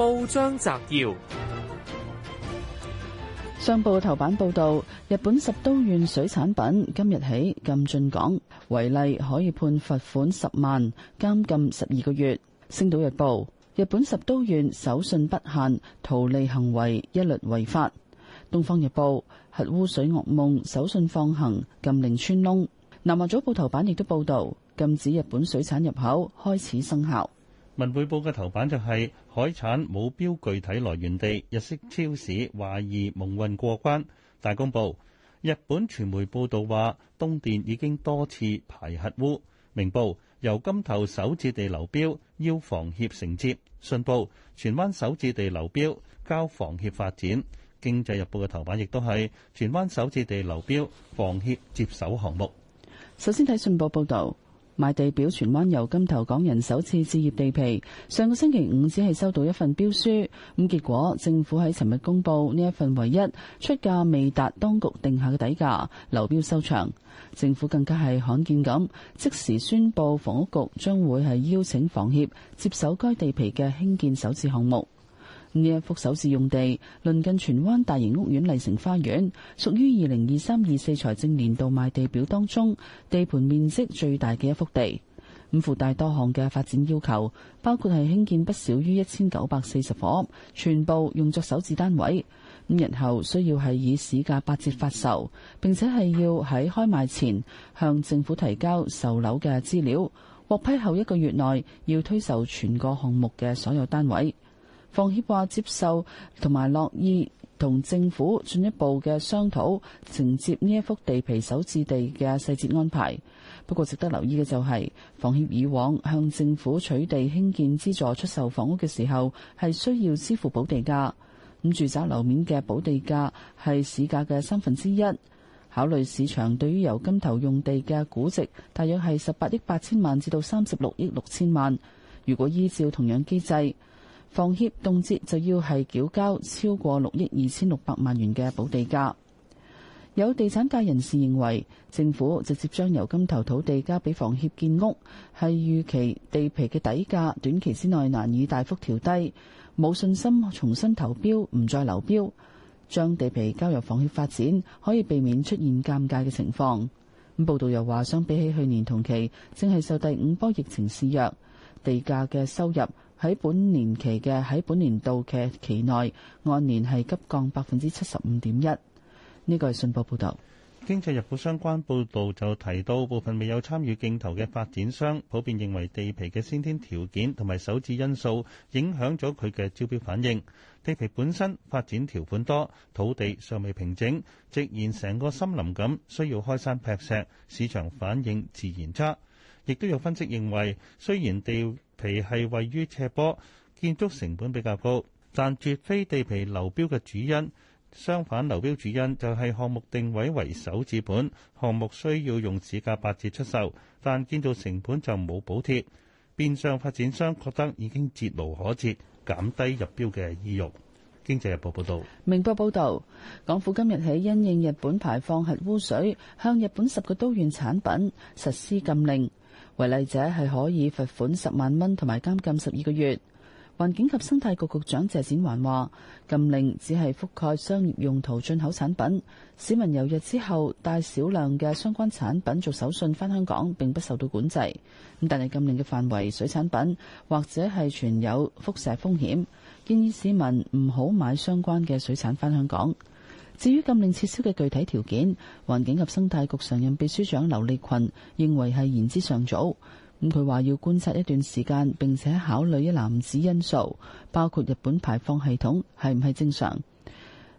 報章摘要：上報頭版報道，日本十都縣水產品今日起禁進港，違例可以判罰款十萬、監禁十二個月。《星島日報》：日本十都縣手信不限，逃利行為一律違法。《東方日報》：核污水噩夢手信放行，禁令穿窿。南華早報頭版亦都報道，禁止日本水產入口開始生效。文匯報嘅頭版就係海產冇標，具體來源地；日式超市懷疑蒙混過關。大公報：日本傳媒報道話，東電已經多次排核污。明報：由金頭首置地流標，邀房協承接。信報：荃灣首置地流標，交房協發展。經濟日報嘅頭版亦都係荃灣首置地流標，房協接手項目。首先睇信報報道。賣地表荃灣油柑頭港人首次置業地皮，上個星期五只係收到一份標書，咁結果政府喺尋日公布呢一份唯一出價未達當局定下嘅底價，流標收場。政府更加係罕見咁即時宣布，房屋局將會係邀請房協接手該地皮嘅興建首次項目。呢一幅首置用地鄰近荃灣大型屋苑麗城花園，屬於二零二三二四財政年度賣地表當中地盤面積最大嘅一幅地。咁附帶多項嘅發展要求，包括係興建不少於一千九百四十伙，全部用作首置單位。咁日後需要係以市價八折發售，並且係要喺開賣前向政府提交售樓嘅資料，獲批後一個月內要推售全個項目嘅所有單位。房協話接受同埋樂意同政府進一步嘅商討，承接呢一幅地皮首置地嘅細節安排。不過，值得留意嘅就係、是、房協以往向政府取地興建資助出售房屋嘅時候，係需要支付補地價。咁住宅樓面嘅補地價係市價嘅三分之一。考慮市場對於由金頭用地嘅估值，大約係十八億八千萬至到三十六億六千萬。如果依照同樣機制，房協動輒就要係繳交超過六億二千六百萬元嘅補地價，有地產界人士認為，政府直接將油金投土地交俾房協建屋，係預期地皮嘅底價，短期之內難以大幅調低，冇信心重新投標，唔再流標，將地皮交由房協發展，可以避免出現尷尬嘅情況。咁報道又話，相比起去年同期，正係受第五波疫情肆虐，地價嘅收入。喺本年期嘅喺本年度嘅期內按年係急降百分之七十五點一。呢個係信報報道。經濟日報相關報道就提到，部分未有參與競投嘅發展商普遍認為地皮嘅先天條件同埋首次因素影響咗佢嘅招標反應。地皮本身發展條款多，土地尚未平整，直然成個森林咁，需要開山劈石，市場反應自然差。亦都有分析認為，雖然地皮係位於斜坡，建築成本比較高，但絕非地皮流標嘅主因。相反，流標主因就係項目定位為首置盤，項目需要用市價八折出售，但建造成本就冇補貼。變相發展商覺得已經節無可節，減低入標嘅意欲。經濟日報報道。明報報道，港府今日起因應日本排放核污水，向日本十個都縣產品實施禁令。違例者係可以罰款十萬蚊，同埋監禁十二個月。環境及生態局局長謝展寰話禁令只係覆蓋商業用途進口產品，市民遊日之後帶少量嘅相關產品做手信返香港，並不受到管制。咁但係禁令嘅範圍水產品或者係存有輻射風險，建議市民唔好買相關嘅水產返香港。至於禁令撤銷嘅具體條件，環境及生態局常任秘書長劉利群認為係言之尚早。咁佢話要觀察一段時間，並且考慮一籃子因素，包括日本排放系統係唔係正常。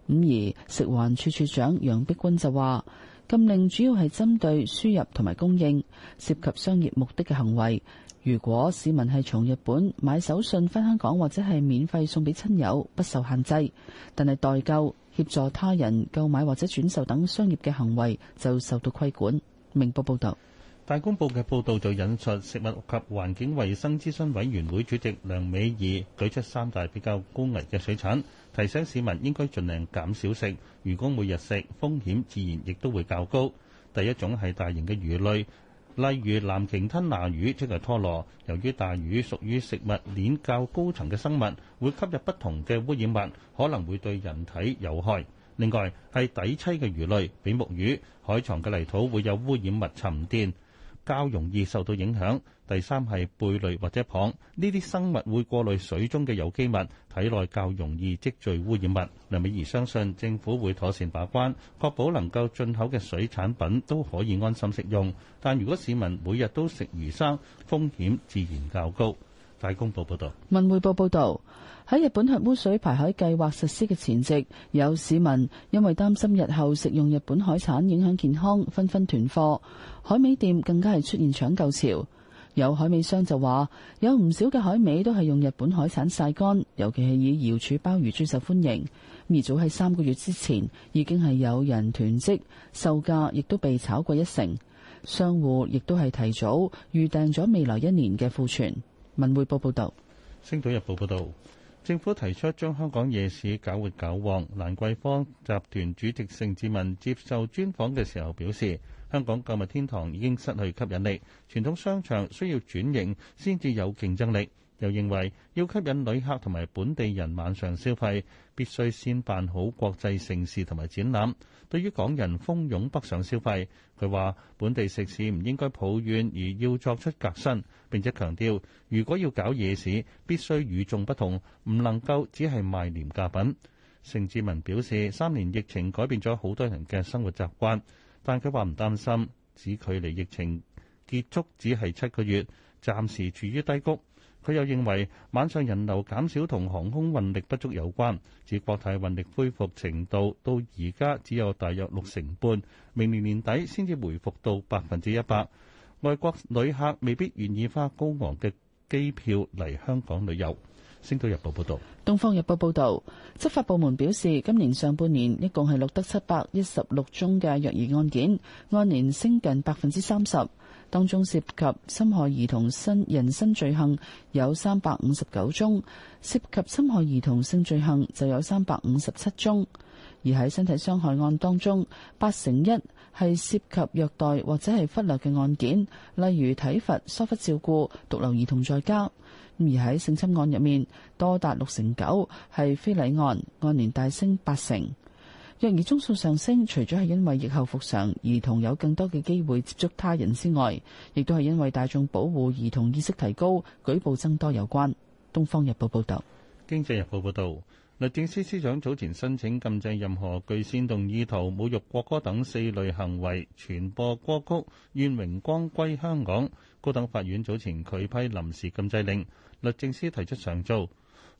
咁而食環署署長楊碧君就話禁令主要係針對輸入同埋供應涉及商業目的嘅行為。如果市民係從日本買手信返香港或者係免費送俾親友，不受限制。但係代購，協助他人購買或者轉售等商業嘅行為就受到規管。明報報道，大公報嘅報導就引述食物及環境衞生諮詢委員會主席梁美儀，舉出三大比較高危嘅水產，提醒市民應該盡量減少食，如果每日食，風險自然亦都會較高。第一種係大型嘅魚類。例如藍鰭吞拿魚即係拖羅，由於大魚屬於食物鏈較高層嘅生物，會吸入不同嘅污染物，可能會對人體有害。另外係底棲嘅魚類，比目魚，海床嘅泥土會有污染物沉澱。較容易受到影響。第三係貝類或者蚌，呢啲生物會過濾水中嘅有機物，體內較容易積聚污染物。梁美儀相信政府會妥善把關，確保能夠進口嘅水產品都可以安心食用。但如果市民每日都食魚生，風險自然較高。大公報報道。文匯報報道，喺日本核污水排海計劃實施嘅前夕，有市民因為擔心日後食用日本海產影響健康，紛紛囤貨。海味店更加係出現搶購潮。有海味商就話，有唔少嘅海味都係用日本海產曬乾，尤其係以瑤柱鮑魚最受歡迎。而早喺三個月之前，已經係有人囤積，售價亦都被炒過一成。商戶亦都係提早預訂咗未來一年嘅庫存。文匯報報道，星島日報報道，政府提出將香港夜市搞活搞旺。蘭桂坊集團主席盛智文接受專訪嘅時候表示，香港購物天堂已經失去吸引力，傳統商場需要轉型先至有競爭力。又認為要吸引旅客同埋本地人晚上消費，必須先辦好國際盛事同埋展覽。對於港人蜂擁北上消費，佢話本地食肆唔應該抱怨，而要作出革新。並且強調，如果要搞夜市，必須與眾不同，唔能夠只係賣廉價品。盛智文表示，三年疫情改變咗好多人嘅生活習慣，但佢話唔擔心，只距離疫情結束只係七個月，暫時處於低谷。佢又認為晚上人流減少同航空運力不足有關，自國泰運力恢復程度到而家只有大約六成半，明年年底先至回復到百分之一百。外國旅客未必願意花高昂嘅機票嚟香港旅遊。星島日報報道。東方日報報道，執法部門表示，今年上半年一共係錄得七百一十六宗嘅虐兒案件，按年升近百分之三十。當中涉及侵害兒童身人身罪行有三百五十九宗，涉及侵害兒童性罪行就有三百五十七宗。而喺身體傷害案當中，八成一係涉及虐待或者係忽略嘅案件，例如體罰、疏忽照顧、獨留兒童在家。而喺性侵案入面，多達六成九係非禮案，按年大升八成。虐兒宗數上升，除咗係因為疫後復常，兒童有更多嘅機會接觸他人之外，亦都係因為大眾保護兒童意識提高、舉報增多有關。《東方日報》報道。《經濟日報》報道，律政司司長早前申請禁制任何具煽動意圖侮辱國歌等四類行為傳播歌曲《願榮光歸香港》。高等法院早前拒批臨時禁制令，律政司提出上訴，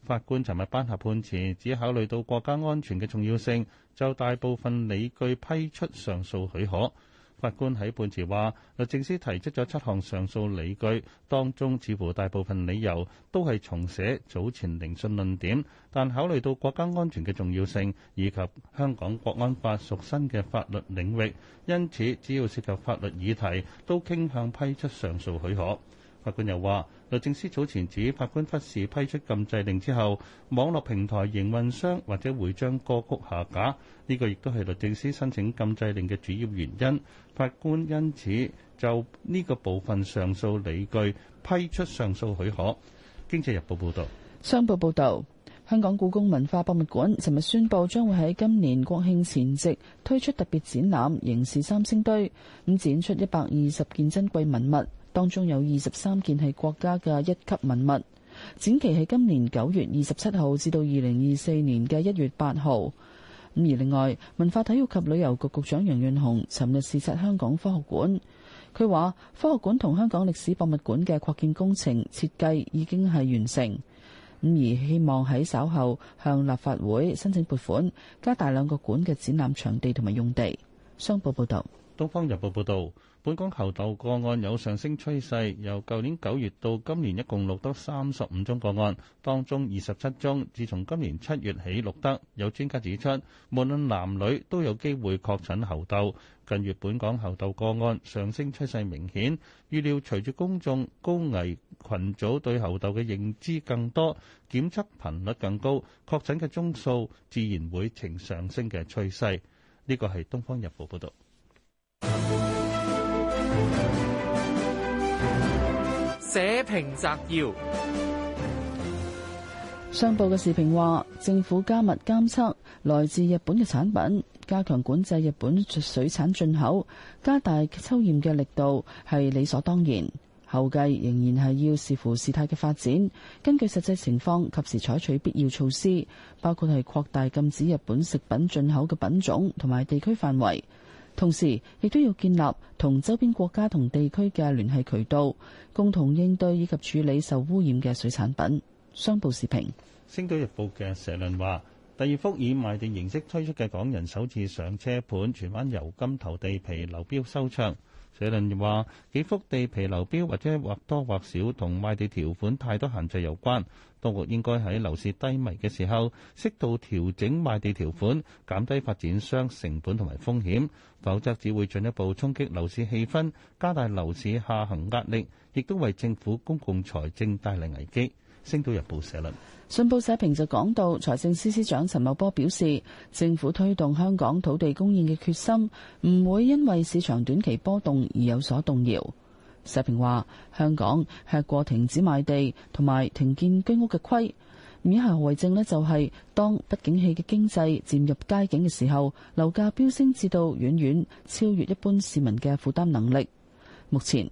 法官尋日頒下判詞，只考慮到國家安全嘅重要性，就大部分理據批出上訴許可，法官喺判詞話，律政司提出咗七項上訴理據，當中似乎大部分理由都係重寫早前聆訊論點，但考慮到國家安全嘅重要性以及香港國安法屬新嘅法律領域，因此只要涉及法律議題，都傾向批出上訴許可。法官又話。律政司早前指，法官忽視批出禁制令之後，網絡平台營運商或者會將歌曲下架，呢、這個亦都係律政司申請禁制令嘅主要原因。法官因此就呢個部分上訴理據批出上訴許可。經濟日報報道，商報報導，香港故宮文化博物館尋日宣布，將會喺今年國慶前夕推出特別展覽《凝視三星堆》，咁展出一百二十件珍貴文物。當中有二十三件係國家嘅一級文物，展期係今年九月二十七號至到二零二四年嘅一月八號。咁而另外，文化體育及旅遊局局長楊潤雄尋日視察香港科學館，佢話科學館同香港歷史博物館嘅擴建工程設計已經係完成，咁而希望喺稍後向立法會申請撥款，加大兩個館嘅展覽場地同埋用地。商報報道，東方日報報道。本港猴痘個案有上升趨勢，由舊年九月到今年一共錄得三十五宗個案，當中二十七宗自從今年七月起錄得。有專家指出，無論男女都有機會確診猴痘。近月本港猴痘個案上升趨勢明顯，預料隨住公眾高危群組對猴痘嘅認知更多，檢測頻率更高，確診嘅宗數自然會呈上升嘅趨勢。呢個係《東方日報》報導。社評摘要，商報嘅時評話：政府加密監測來自日本嘅產品，加強管制日本水產進口，加大抽驗嘅力度，係理所當然。後繼仍然係要視乎事態嘅發展，根據實際情況及時採取必要措施，包括係擴大禁止日本食品進口嘅品種同埋地區範圍。同時，亦都要建立同周邊國家同地區嘅聯繫渠道，共同應對以及處理受污染嘅水產品。商報視評，星島日報嘅社論話：第二幅以賣地形式推出嘅港人首次上車盤，荃灣油金頭地皮流標收場。李林話：幾幅地皮流標，或者或多或少同賣地條款太多限制有關。當局應該喺樓市低迷嘅時候，適度調整賣地條款，減低發展商成本同埋風險，否則只會進一步衝擊樓市氣氛，加大樓市下行壓力，亦都為政府公共財政帶嚟危機。《星島日報》社論、信報社評就講到，財政司司長陳茂波表示，政府推動香港土地供應嘅決心唔會因為市場短期波動而有所動搖。社評話，香港吃過停止賣地同埋停建居屋嘅虧，以下為證呢就係當不景氣嘅經濟漸入佳境嘅時候，樓價飆升至到遠遠超越一般市民嘅負擔能力。目前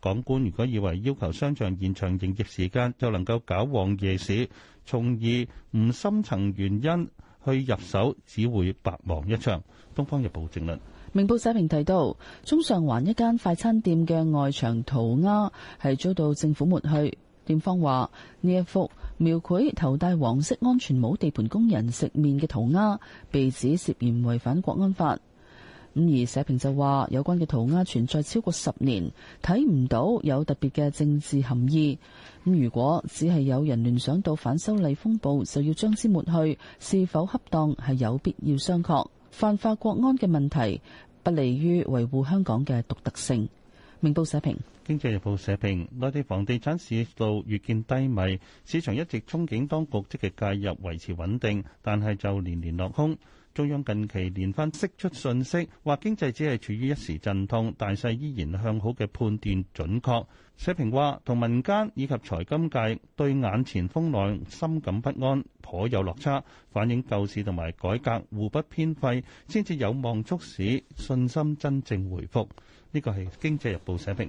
港官如果以為要求商場延長營業時間就能夠搞旺夜市，從而唔深層原因去入手，只會白忙一場。《東方日報》評論。明報社評提到，中上環一間快餐店嘅外牆塗鴉係遭到政府抹去，店方話呢一幅描繪頭戴黃色安全帽地盤工人食麵嘅塗鴉，被指涉嫌違反國安法。咁而社評就話，有關嘅塗鴉存在超過十年，睇唔到有特別嘅政治含義。咁如果只係有人聯想到反修例風暴，就要將之抹去，是否恰當係有必要商榷？泛化國安嘅問題，不利於維護香港嘅獨特性。明報社評，《經濟日報》社評：內地房地產市道越見低迷，市場一直憧憬當局積極介入維持穩定，但係就年年落空。中央近期連番釋出訊息，話經濟只係處於一時陣痛，大勢依然向好嘅判斷準確。社評話：同民間以及財金界對眼前風浪深感不安，頗有落差，反映舊市同埋改革互不偏廢，先至有望促使信心真正回復。呢個係經濟日報社評。